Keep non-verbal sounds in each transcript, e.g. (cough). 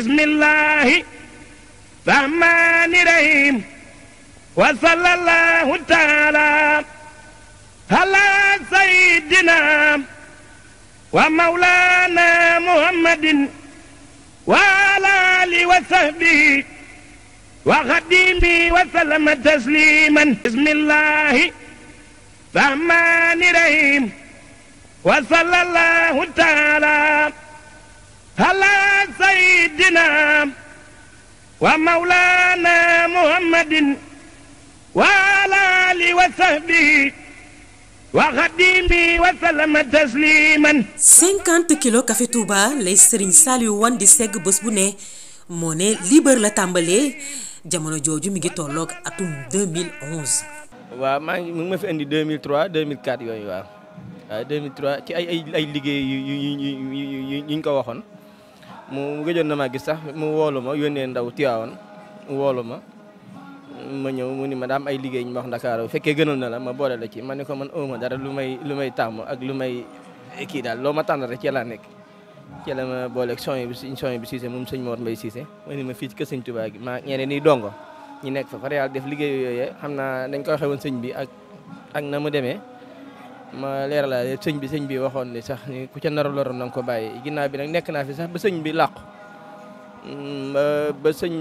bismillaahi rahmaani rahiim wa sallallaahu taala ala sayyidina wa mawlaana muhammadin wa ala aalihi wa sahbihi wa xadiimihi wa sallama tasliiman bismillaahi rahmaani rahiim wa sallallaahu taala ala سيدنا ومولانا محمد وعلى آله وصحبه waxadimi wasalama tasliman 50 kilo café Touba lay Serigne Saliou wan di segg bés bu ne moo ne liibër la tàmbalee jamono jooju mi ngi tolloog atum 2011 waaw maa ngi mu ngi ma fi indi 2003 2004 yooyu waaw waaw 2003 ci ay ay ay liggéey yu yu yu ñu ko waxoon mu gëjoon na ma gis sax mu woolu ma yónnee ndaw Tiwaawan mu woolu ma ma ñëw ni ma daam ay liggéey ñu ma wax Ndakaaru fekkee gënal na la ma boole la ci ma ne ko man óoma dara lu may lu may tàmm ak lu may kii daal loo ma tànn rek ci laa nekk ci la ma booleeg soñ bi suñ moom sëñ Mor Mbaye Cissé ma ni ma fii ci kër sëñ maa ñeneen nii dongo ñu nekk fa far def liggéey yooyu xam na dañ koy waxee woon sëñ bi ak ak na mu demee ma leeralaale sëñ bi sëñ bi waxoon ni sax ni ku ca nar a loroon na ko bàyyi ginnaaw bi nag nekk naa fi sax ba sëñ bi làqu mm, ba sëñ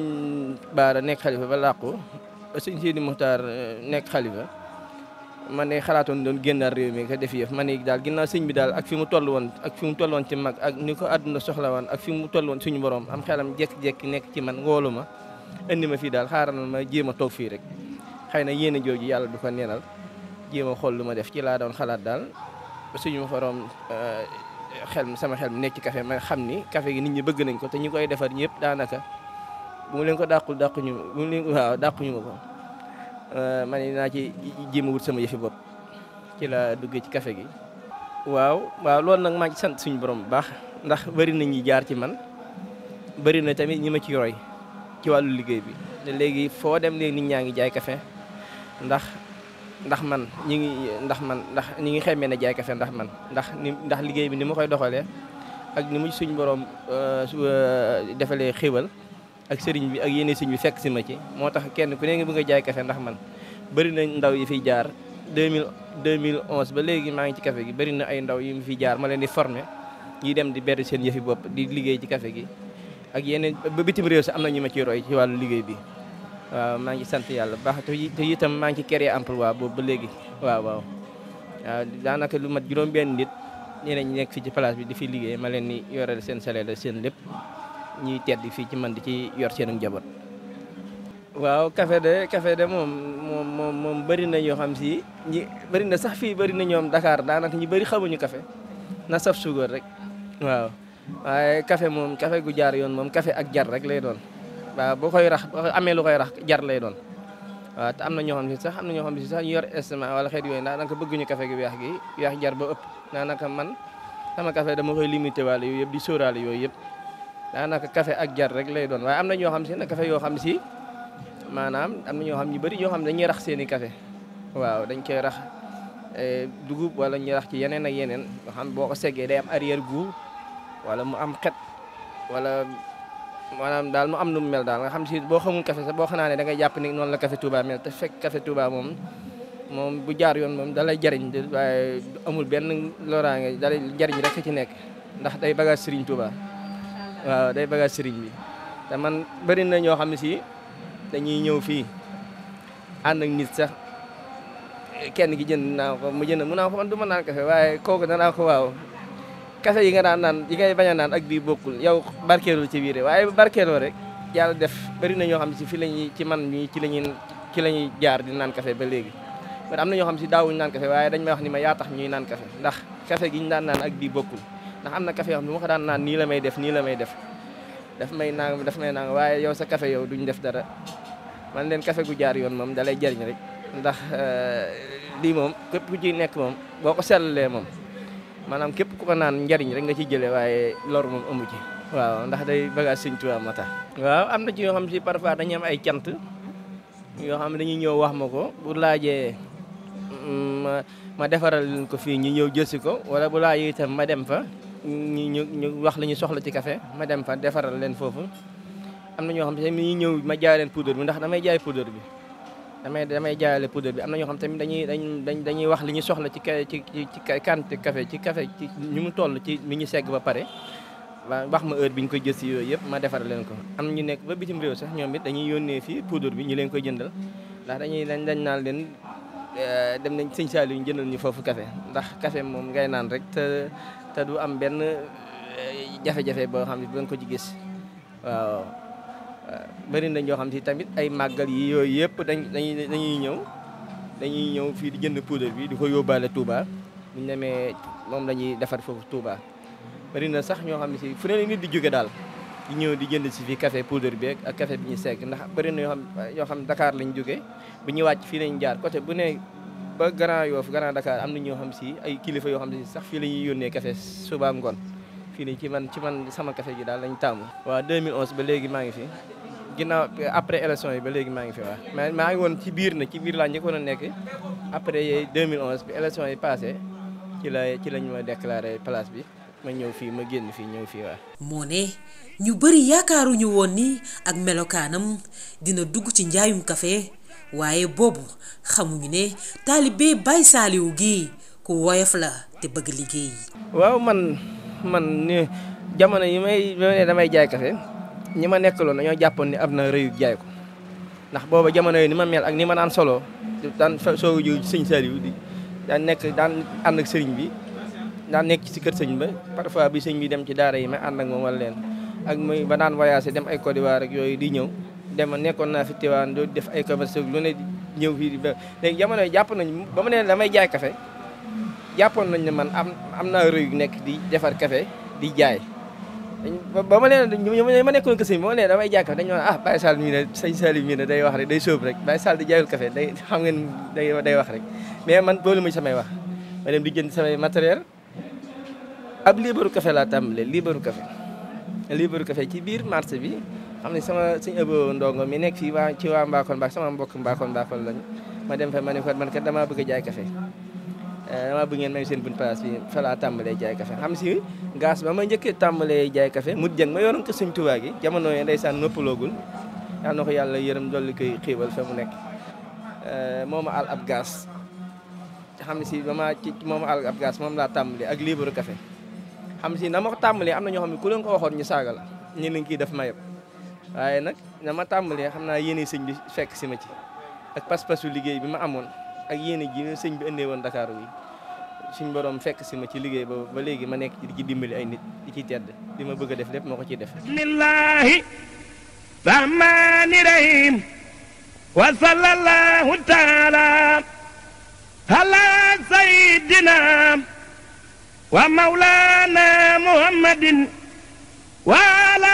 Baara nekk xalifa ba làqu ba sëñ Sidi Muxtaar eh, nekk xalifa man ne xalaatoon doon génnaar réew mi ko def yëf man ne daal ginnaaw sëñ bi daal ak fi mu toll woon ak fi mu toll ci mag ak ni ko àdduna soxla woon ak fi mu toll woon suñu borom am xelam jekki-jekki nekk ci man woolu ma indi ma fii daal xaaral ma jéem a toog fii rek xëy na yéen jooju yàlla du ko neenal jéem a xool lu ma def ci laa doon xalaat daal suñu forom euh, xel sama xel nekk ci café ma xam ni kafe gi nit ñi bëgg nañ ko te ñu koy defar ñëpp daanaka bu mu leen ko dàqul dàquñu dàquñu ma ko euh, ma ne naa ci jéem a sama yëfi bopp ci laa duggee ci café gi waaw waaw loolu nag maa sant suñu borom bu baax ndax bëri na ñi jaar ci man bëri na tamit ñi ma ci roy ci wàllu liggéey bi te léegi foo dem léegi nit ñaa ngi jaay kafe ndax ndax man ñi ngi ndax man ndax ñi ngi xemmee ne jaay kafe ndax man ndax ni ndax liggéey bi ni ma koy doxalee ak ni mu suñ borom euh, euh, defalee xéwal ak sëriñ bi ak yéene sëriñ bi fekk si ma ci moo tax kenn ku ne nga jaay kafe ndax man bëri na ndaw yi fiy jaar mille 2011 ba léegi maa ngi ci kafe gi bëri na ay ndaw yi mu fiy jaar ma leen di former ñi dem di bett seen yëfi bopp di liggéey ci kafe gi ak yeneen ba bitim réew si am na ñu ma ciy roy ci wàllu liggéey bi waaw maa ngi sant yàlla baax te itam maa ngi ci créer emploi boobu ba léegi waaw waaw daanaka lu mat juróom-benn nit ñi lañ nekk fii ci place bi di fi liggéey ma leen ni yoreel seen salaire seen lépp ñuy tedd fii ci man di ci yor seen njaboot. waaw kafe de kafe de moom moom moom moom na yoo xam si ñi bëri na sax fii bëri na ñoom Dakar daanaka ñu bëri xamuñu kafe na saf suukar rek waaw waaye café moom kafe gu jaar yoon moom kafe ak jar rek lay doon. waaw boo koy rax amee lu koy rax jar lay doon am na ñoo xam ne sax am na ñoo xam ne sax ñu yor estomac wala xeet yooyu ndax naka bëgguñu café ñu weex gi weex jar ba ëpp daanaka man sama café dama koy limité wala yooyu yëpp di sóoraale yooyu yëpp daanaka kafe ak jar rek lay doon waaye am na ñoo xam si na kafe yoo xam si maanaam am na ñoo xam ñu bëri ñoo xam dañuy rax seen kafe waaw dañ koy rax e, dugub wala ñu rax ci yeneen ak yeneen nga xam boo ko seggee day am wala mu am wala maanaam daal mu am nu mu mel daal nga xam si boo xamul café sax boo xanaa ne da ngay jàpp ni noonu la café Touba mel te fekk café Touba moom moom bu jaar yoon moom dalay jariñ waaye amul benn loraange dalay jariñ rek ci nekk ndax day baga Serigne Touba day baga Serigne bi te man bëri na ñoo xam ne si dañuy ñëw fii ànd ak nit sax kenn ki jënd naa ko mu jënd mu naa ko man du ma naan café waaye kooku danaa ko waaw kafe yi nga daan naan yi ngay bañ a naan ak bii bokkul yow barkeeloo ci wiire waaye barkeeloo rek yàlla def bëri na ñoo xam si fi la ñuy ci man ñii ci la ñuy ci la jaar di naan kase ba léegi man am na ñoo xam si daawuñ naan kafe waaye dañ may wax ni ma yaa tax ñuy naan kase ndax kase gi ñu daan naan ak bii bokkul ndax am na kase yoo xam ma ko daan naan nii la may def nii la may def daf may nangam daf may nangam waaye yow sa kase yow duñ def dara man leen kase gu jaar yoon moom dalay jariñ rek ndax euh, lii moom képp ku ci nekk moom boo ko seetlee moom maanaam képp ku ko naan njariñ rek nga ciy jëlee waaye lor moom amu ci. waaw ndax day bagage Sëñ Tuubaa mata waaw am na ci yoo xam si parfois dañuy am ay cant yoo xam ne dañuy ñëw wax ma ko bu laaje mm, ma ma defaral leen ko fii ñu ñëw jëlsi ko wala bu laajee itam ma dem fa ñu ñu ñu wax li ñu soxla ci café ma dem fa defaral leen foofu am na ñoo xam ne mi ñëw ma jaay leen poudre bi ndax damay jaay poudre bi. damay damay jaayale poudre bi am na ñoo xam tamit dañuy dañuy dañuy wax li ñu soxla ci ci ci ci quantité café ci kafe ci ñu mu toll ci mi ñu segg ba pare wax ma heure bi ñu ko jël si yooyu yëpp ma defare leen ko. am ñu nekk ba bitim réew sax ñoom bi dañuy yónnee fii poudre bi ñu leen koy jëndal ndax dañuy dañ dañ naan leen eh, dem nañ sëñ Saliou ñu jëndal ñu foofu kafe ndax café moom ngay naan rek te du am benn eh, jafe-jafe boo xam ne bu ko ci gis waaw. bëri na ñoo xam si tamit ay màggal yi yooyu yëpp dañ dañuy dañuy ñëw dañuy ñëw fii di jënd poudre bi di ko yóbbaale Touba bu ne mee moom la defar foofu Touba. bëri na sax ñoo xam ne si fu ne nit di jóge daal di ñëw di jënd si fii kafe poudre bi ak café bi ñu segg ndax bëri na yoo xam yoo xam lañ jóge bu ñu wàcc fii lañ jaar côté bu ne ba Grand Yoff Grand Dakar am na ñoo xam si ay kilifa yoo xam ne si sax fii la yónnee café subaa ngoon fii nii ci man ci man sama café gi daal lañ taamu. waaw ginnaaw après élection yi ba léegi maa ngi fi wax mais maa ngi woon ci biir na ci biir laa njëkkoon a nekk après 2011 bi élection yi passé ci la ci lañ ma déclaré place bi ma ñëw fii ma génn fii ñëw fii waa moo ne ñu bëri yaakaaruñu woon ni ak melokaanam dina dugg ci njaayum café waaye boobu xamuñu ne taalibe Baye Saliou gi ku woyof la te bëgg liggéey. waaw man man jamono yi may damay jaay kafe ñi ma nekkaloon dañoo jàppoon ni ab na rëyu jaay ko ndax booba jamono yi ni ma mel ak ni ma naan solo daan soogu jiw sëñ Saliou di daan nekk daan ànd ak sëriñ bi daan nekk ci kër sëñ ba parfois bi sëñ bi dem ci daara yi ma ànd ak moom wala leen ak muy ba daan voyagé dem ay Côte d'Ivoire yooyu di ñëw dem nekkoon naa fi Tiwaan doo def ay commerce lu ne ñëw fii di ba léegi jamono jàpp nañ ba mu ne damay jaay kafe jàppoon nañ ne man am am naa rëyu nekk di defar kafe di jaay ba ma leen ñu ma nekkoon kese bi ma leen damay jàkkaaf dañu wax ah Baye Sall mii ne sëñ Saliou mii ne day wax rek day sóob rek Baye Sall di jaayul café day xam ngeen day day wax rek mais man boolu ma samay wax ma dem di jënd samay matériel ab liibaru kafe laa tàmbalee liibaru kafe liibaru kafe ci biir marché bi am ne sama suñu ëbbo ndongo mi nekk fii waa ci waa Mbakon Mbak sama mbokk Mbakon Mbakon lañu ma dem fa ma ne ko man kat damaa bëgg a jaay café Eh, dama bëgg ngeen may seen bu nu bi fa laa tàmbalee jaay café xam si gaas ba ma njëkkee tàmbalee jaay kafe mu jëng ma yoroon ko sëñ Tuubaa gi jamono yi ndeysaan noppaloogul yal na ko yàlla yërëm dolli koy xiiwal fa mu nekk moo eh, moom al ab gaas xam si ba ci moom al ab gaas moom laa tàmbalee ak liibaru kafe xam si na ma ko am na ñoo xam ne ku leen ko waxoon ñu saaga la ñu ne kii daf ma yëpp waaye nag na ma tàmbalee xam naa yéene sëñ bi fekk si ma ci ak pas-pasu liggéey bi ma amoon ak yéen ji sëñ bi indee woon Dakar bi suñ borom fekk si ma ci liggéey ba ba léegi ma nekk di ci dimbali ay nit di ci tedd di ma bëgg a def lépp ma ko def bismillahi rahmani rahim wa sallallahu wa maulana muhammadin wa ala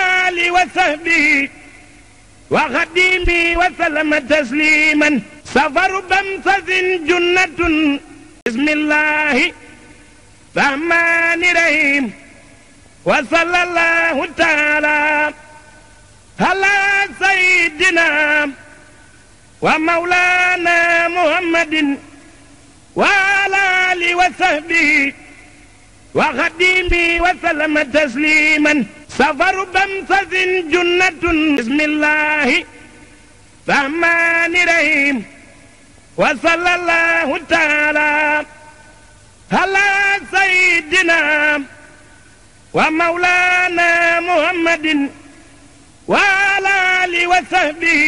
wa sahbihi wa xadimi wa safaru bamsasin junnatun bismillahi rahmani rahim wa sallallahu taala ala sayidina wa maulana muhammadin wa ala ali wa sahbihi wa xadimi wa sallama tasliman safaru bamsasin junnatun bismillahi rahmani rahim وصلى الله تعالى على سيدنا ومولانا محمد وعلى آله وصحبه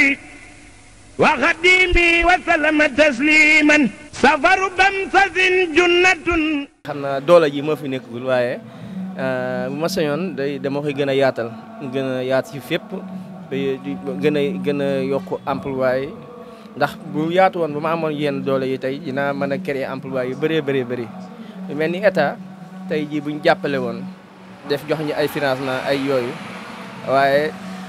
وخديمه وسلم تسليما سفر بمسز جنة xam naa doole ji moo fi nekkul waaye bu ma sañoon day dama koy gën a yaatal gën a yaat ci fépp gën a gën a yokk emploi yi ndax bu yaatu woon bu ma amoon yenn doole yi tey dinaa mën a créer emploi yu bëree bëree bëri lu mel ni état tey jii buñ jàppale woon def jox ñu ay financement ay yooyu waaye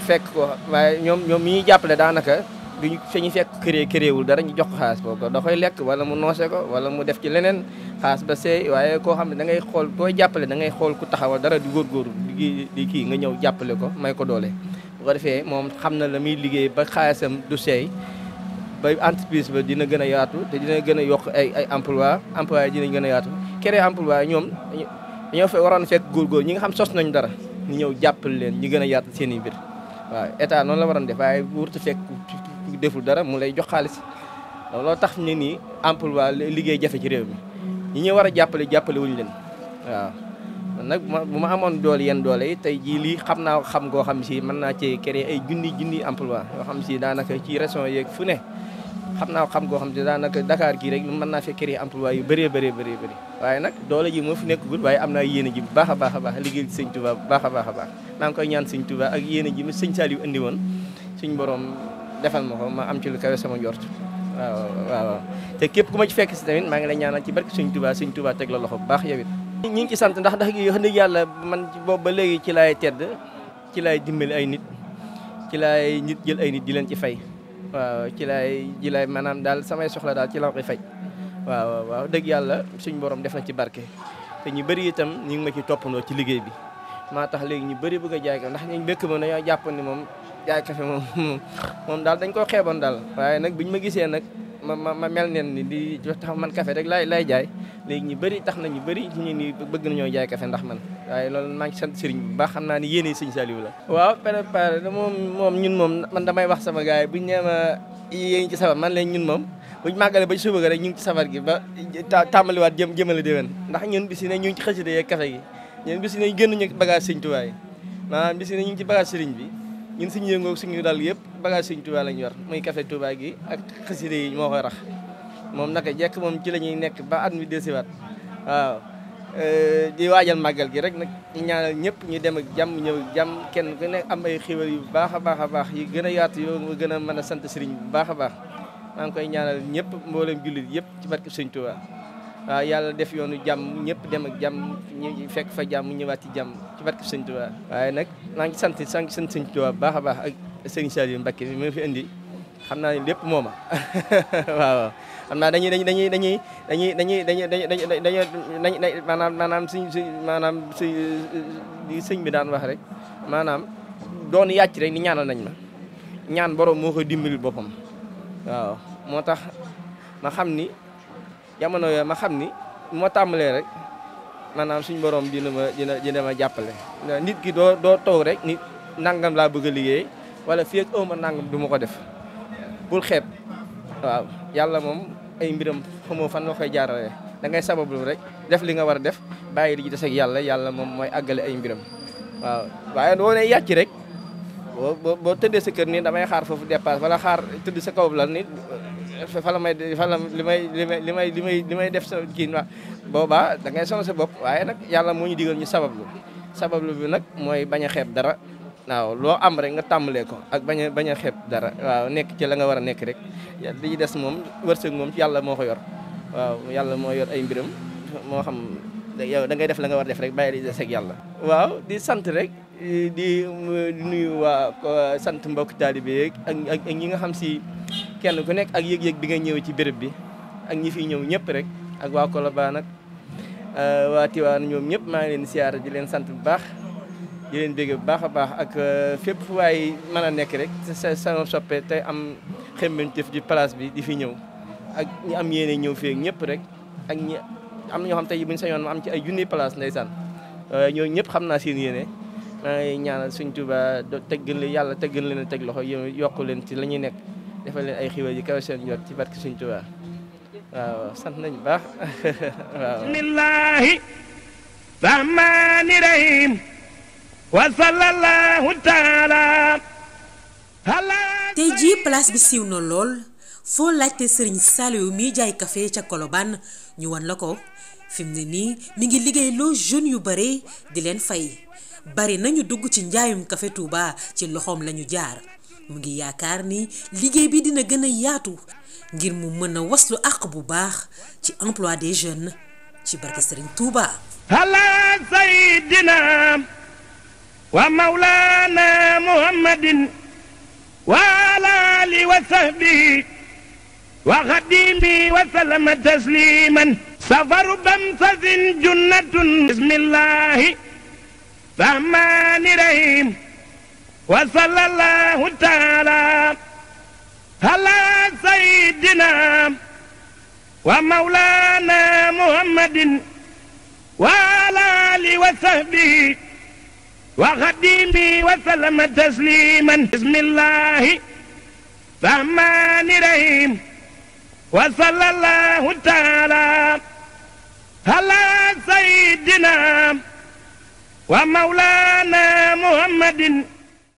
fekk ko waaye ñoom ñoom mu ñuy jàppale daanaka duñu fi ñu fekk créer créer wul dara ñu jox ko xaalis boobu da koy lekk wala mu noose ko wala mu def ci leneen xaas ba seey waaye koo xam ne da ngay xool booy jàppale da ngay xool ku taxawal dara di góor góor di kii nga ñëw jàppale ko may ko doole bu defee moom xam na la muy liggéey ba xaalisam du seey ba entreprise ba dina gën a yaatu te dina gën a yokk ay ay emploi emploi dinañ gën a yaatu créer emploi ñoom ñoo fa waroon fekk góorgóor ñi nga xam sos nañ dara ñu ñëw jàppale leen ñu gën a yaatu seen i mbir waaw état noonu la waroon def waaye wurtu fekk deful dara mu lay jox xaalis looloo tax ne nii emploi liggéey jafe ci réew mi ñi war a jàppale jàppale wuñu leen waaw nag bu ma amoon doole yenn doole yi tey jii lii xam naa xam goo xam si mën naa cee créer ay junni junni emploi yoo xam si daanaka ci région yeeg fu ne xam naa xam goo xam ne daanaka Dakar gii rek mën naa fee créer emploi yu bëree bëree bëri bëri waaye nag doole ji moo nekk nekkagul waaye am naa yéene ji bu baax a baax a baax liggéey sëñ Touba bu baax a baax a baax maa ngi koy ñaan sëñ Touba ak yéene ji mi sëñ Saliou indi woon suñ borom defal ma ko ma am ci lu kawe sama njort waaw te képp ku ma ci fekk si tamit maa ngi lay ñaanal ci barke sëñ Touba sëñ Touba teg la loxo bu baax yow it ñi ngi ci sant ndax ndax wax dëgg yàlla man boobu ba léegi ci laay tedd ci laay dimbali ay nit ci laay nit jël ay nit di leen ci fay waaw ci lay ji lay daal samay soxla daal ci la koy faj waaw waaw dëgg yàlla suñu borom def na ci barke te ñu bëri itam ñu ngi ma ci toppandoo ci liggéey bi maa tax léegi ñu bëri bëgg a jaay kafe ndax ñu bëkk ma dañoo jàpp ni moom jaay kafe moom (laughs) moom daal dañ koo xeeboon daal waaye nag bi ñu ma gisee nag ma ma ma mel neen ni di jox man café rek lay lay jaay léegi ñu bëri tax na ñu bëri ñu ni bëgg nañoo jaay café ndax man waaye loolu maa ngi sant sëriñ bu baax xam naa ni yéene sëñ Saliou la waaw préparé moom moom ñun moom man damay wax sama gars yi buñ nee ma yéen ci safar ñun moom buñ màggale ba suba ga rek ñu ngi ci safar gi ba tàmbaliwaat jëm jëmale déwén ndax ñun bis ne ñu ngi ci xasida yeeg café gi ñun bis ne génn ñu bagage sëñ tuwaay maanaam bis ne ñu ngi ci bagage sëriñ bi ñun suñu yëngoo suñu dal yëpp bagage suñu Touba lañ yor muy kafe Touba gi ak xasida yi moo koy rax moom naka jekk moom ci la ñuy nekk ba at mi desiwaat waaw euh, di waajal màggal gi rek nag ñu ñaanal ñëpp ñu dem ak jàmm ñëw jam kenn ku ne am ay xiwal yu baax a baax a baax yi gën a yaat yoo nga gën a mën a sant sëriñ bu baax a baax maa ngi koy ñaanal ñëpp mboolem jullit yëpp ci barke Sëriñ Touba yàlla def yoonu jàmm ñëpp dem ak jàmm ñu fekk fa jàmm ñëwaat ci jàmm ci barke Sëñ Tuubaa waaye nag maa ngi sant saa ngi sant Sëñ baax a baax ak Sëñ Saliou Mbacké mi ma fi indi xam naa ne lépp mooma waaw xam naa dañuy dañuy dañuy dañuy dañuy dañuy dañuy dañuy dañuy maanaam maanaam suñ suñ maanaam suñ sëñ bi daan wax rek maanaam doon yàcc rek ni ñaanal nañ ma ñaan borom moo koy dimbalil boppam waaw moo tax ma xam ni. jamono yooyu ma xam ni moo tàmbalee rek maanaam suñu borom dina ma dina dina ma jàppale. nit ki doo doo toog rek nit nangam laa bëgg a liggéey wala fii ak nangam du ma ko def bul xeeb waaw yàlla moom ay mbiram xamoo fan nga koy jaarale da ngay rek def li nga war a def bàyyi li ci des yàlla yàlla moom mooy àggale ay mbiram waaw waaye boo nee yàcc rek boo boo tëddee sa kër nii damay xaar foofu dépasse wala xaar tëdd sa kaw la ni fa la may fa la li may li may li may li may li def sa kii na boobaa da ngay sonal sa bopp waaye nag yàlla moo ñu digal ñu sabablu sabablu bi nag mooy bañ a xeeb dara waaw loo am rek nga tàmbalee ko ak bañ a bañ a xeeb dara waaw nekk ci la nga war a nekk rek li des moom wërsëg moom yàlla moo ko yor waaw yàlla moo yor ay mbiram moo xam yow da ngay def la nga war def rek bàyyi di des yàlla. waaw di sant rek di nuyu waa sant mbokk taalibe yeeg ak ñi nga xam si kenn ku nekk ak yëg-yëg bi nga ñëwee ci béréb bi ak ñi fi ñëw ñëpp rek ak waa Colobane nag euh, waa Tiwaan ñoom ñëpp maa ngi leen siyaar di leen sant bu baax di leen bégg bu baax a baax ak euh, fépp fu waay mën a nekk rek sa sama soppe te am xembanteef di place bi di fi ñëw ak ñi am yéene ñëw fii ñëpp rek am na ñoo xam tey bu ñu sañoon ma am ci ay junni place ndeysaan euh, ñooñu ñëpp xam naa seen yéene maa ngi ñaanal suñ Tuubaa teggal yàlla teggal leen teg loxo yokk leen ci la ñuy nekk defal leen ay xibaar yi kawe seen jot ci barke suñ Tuubaa waaw sant nañu baax (laughs) bismillahi rahmani rahim wa sallallahu taala tey jii lool foo laajte Serigne Saliou mi jaay café ca Colobane ñu wan la ko fi mu ne nii ni ngi liggéey loo jeunes yu bare di leen fay bari nañu dugg ci njaayum café Touba ci loxoom lañu jaar mu ngi yaakaar ni liggéey bi dina gën a yaatu ngir mu mën a waslu àq bu baax ci emploi des jeunes ci barke Serigne Touba ala saydina wa mawlana muhammadin wa ala wa sahbi wa xadimi wa salama tasliman safaru bamsasin junnatun bismillahi rahmani rahim wa sallallahu taala ala sayidina wa mawlana muhammadin wa ala ali wa sahbihi wa xadimi wa sallama tasliman bismillahi rahmani rahim wa sallallahu taala على سيدنا ومولانا محمد